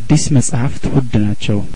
አዲስ መጽሐፍት ውድ ናቸው